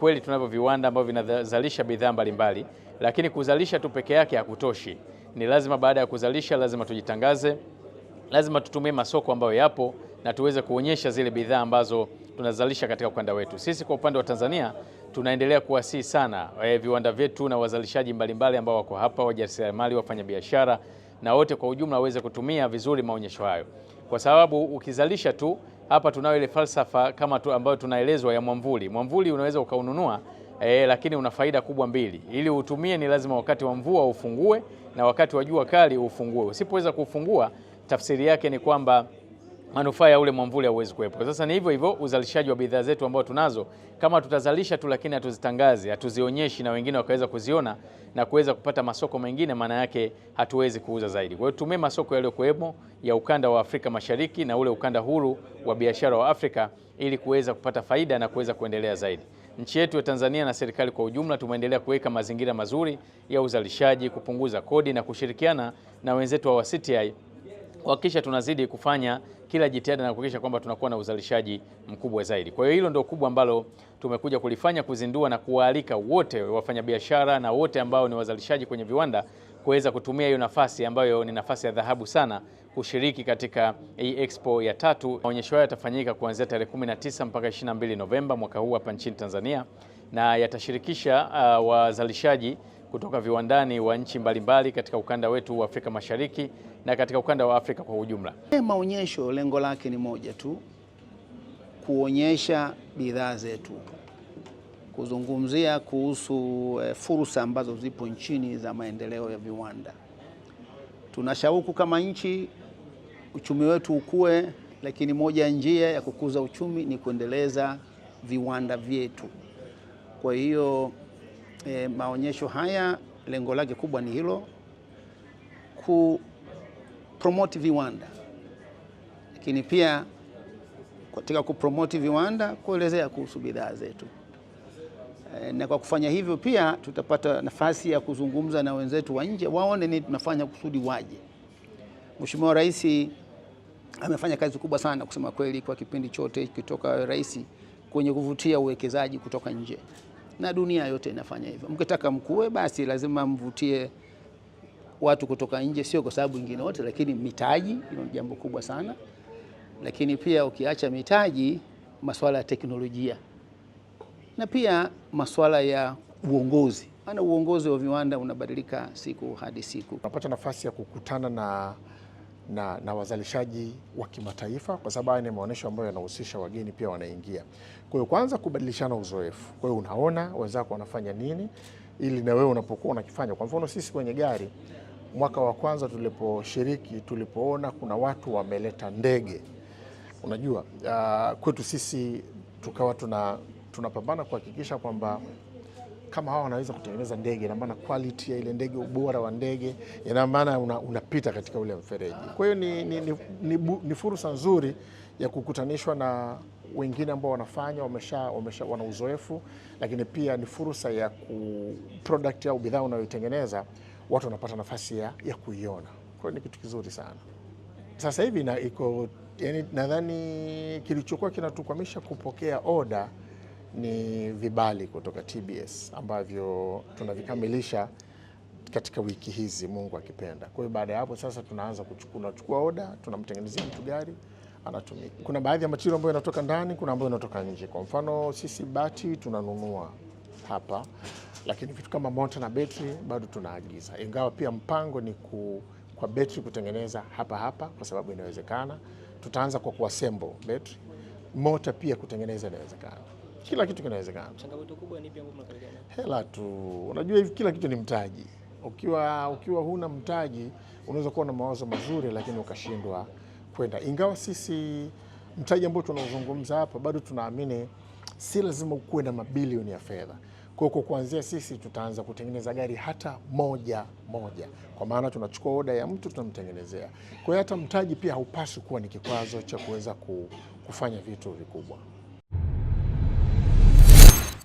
Kweli tunavyo viwanda ambavyo vinazalisha bidhaa mbalimbali, lakini kuzalisha tu peke yake hakutoshi. Ni lazima baada ya kuzalisha, lazima tujitangaze, lazima tutumie masoko ambayo yapo na tuweze kuonyesha zile bidhaa ambazo tunazalisha katika ukanda wetu. Sisi kwa upande wa Tanzania tunaendelea kuwasihi sana e, viwanda vyetu na wazalishaji mbalimbali ambao wako hapa, wajasiriamali, wafanyabiashara na wote kwa ujumla waweze kutumia vizuri maonyesho hayo, kwa sababu ukizalisha tu hapa tunayo ile falsafa kama tu ambayo tunaelezwa ya mwamvuli. Mwamvuli unaweza ukaununua e, lakini una faida kubwa mbili. Ili utumie ni lazima wakati wa mvua ufungue na wakati wa jua kali ufungue. Usipoweza kufungua, tafsiri yake ni kwamba manufaa ya ule mwamvuli hauwezi kuwepo. Sasa ni hivyo hivyo uzalishaji wa bidhaa zetu ambao tunazo, kama tutazalisha tu lakini hatuzitangazi hatuzionyeshi na wengine wakaweza kuziona na kuweza kupata masoko mengine, maana yake hatuwezi kuuza zaidi. Kwa hiyo tutumie masoko yaliyokuwepo ya ukanda wa Afrika Mashariki na ule ukanda huru wa biashara wa Afrika ili kuweza kupata faida na kuweza kuendelea zaidi. Nchi yetu ya Tanzania na serikali kwa ujumla tumeendelea kuweka mazingira mazuri ya uzalishaji, kupunguza kodi na kushirikiana na wenzetu wa CTI kuhakikisha tunazidi kufanya kila jitihada na kuhakikisha kwamba tunakuwa na uzalishaji mkubwa zaidi. Kwa hiyo hilo ndio kubwa ambalo tumekuja kulifanya, kuzindua na kuwaalika wote wafanyabiashara na wote ambao ni wazalishaji kwenye viwanda kuweza kutumia hiyo nafasi ambayo ni nafasi ya dhahabu sana kushiriki katika hii expo ya tatu. Maonyesho hayo yatafanyika kuanzia tarehe 19 mpaka 22 Novemba mwaka huu hapa nchini Tanzania, na yatashirikisha uh, wazalishaji kutoka viwandani wa nchi mbalimbali katika ukanda wetu wa Afrika Mashariki na katika ukanda wa Afrika kwa ujumla. Eh, maonyesho lengo lake ni moja tu, kuonyesha bidhaa zetu, kuzungumzia kuhusu e, fursa ambazo zipo nchini za maendeleo ya viwanda. Tuna shauku kama nchi uchumi wetu ukue, lakini moja ya njia ya kukuza uchumi ni kuendeleza viwanda vyetu. Kwa hiyo e, maonyesho haya lengo lake kubwa ni hilo, ku promote viwanda, lakini pia katika kupromoti viwanda kuelezea kuhusu bidhaa zetu e, na kwa kufanya hivyo pia tutapata nafasi ya kuzungumza na wenzetu wa nje, waone nini tunafanya kusudi waje. Mheshimiwa Rais amefanya kazi kubwa sana kusema kweli, kwa kipindi chote kutoka rais kwenye kuvutia uwekezaji kutoka nje na dunia yote inafanya hivyo. Mkitaka mkue, basi lazima mvutie watu kutoka nje, sio kwa sababu nyingine wote, lakini mitaji ni jambo kubwa sana. Lakini pia ukiacha mitaji, masuala ya teknolojia na pia masuala ya uongozi, maana uongozi wa viwanda unabadilika siku hadi siku. Unapata nafasi ya kukutana na na, na wazalishaji wa kimataifa, kwa sababu haya ni maonyesho ambayo yanahusisha wageni pia wanaingia. Kwa hiyo kwanza kubadilishana uzoefu, kwa hiyo unaona wenzako wanafanya nini ili na wewe unapokuwa unakifanya. Kwa mfano sisi kwenye gari mwaka wa kwanza tuliposhiriki, tulipoona kuna watu wameleta ndege, unajua uh, kwetu sisi tukawa tuna tunapambana kuhakikisha kwamba kama hawa wanaweza kutengeneza ndege, ina maana quality ya ile ndege, ubora wa ndege, ina maana unapita una katika ule mfereji. Kwa hiyo ni, ni, ni, ni, ni fursa nzuri ya kukutanishwa na wengine ambao wanafanya wamesha, wamesha, wana uzoefu, lakini pia ni fursa ya ku product au bidhaa unayoitengeneza watu wanapata nafasi ya, ya kuiona. Kwa hiyo ni kitu kizuri sana. Sasa hivi na iko yani, nadhani kilichokuwa kinatukwamisha kupokea oda ni vibali kutoka TBS ambavyo tunavikamilisha katika wiki hizi Mungu akipenda. Kwa hiyo baada ya hapo sasa tunaanza kuchukua oda, tunamtengenezea mtu gari anatumika. Kuna baadhi ya material ambayo yanatoka ndani, kuna ambayo yanatoka nje. Kwa mfano sisi bati tunanunua hapa, lakini vitu kama mota na betri bado tunaagiza, ingawa pia mpango ni ku, kwa betri kutengeneza hapa hapa kwa sababu inawezekana. Tutaanza kwa kuassemble betri, mota pia kutengeneza inawezekana kila kitu kinawezekana. Changamoto kubwa ni pia Hela tu, unajua hivi kila kitu ni mtaji. Ukiwa, ukiwa huna mtaji unaweza kuwa na mawazo mazuri lakini ukashindwa kwenda, ingawa sisi mtaji ambao tunaozungumza hapa bado tunaamini si lazima ukuwe na mabilioni ya fedha. Kwa hiyo kuanzia sisi tutaanza kutengeneza gari hata moja moja, kwa maana tunachukua oda ya mtu tunamtengenezea. Kwa hiyo hata mtaji pia haupaswi kuwa ni kikwazo cha kuweza kufanya vitu vikubwa.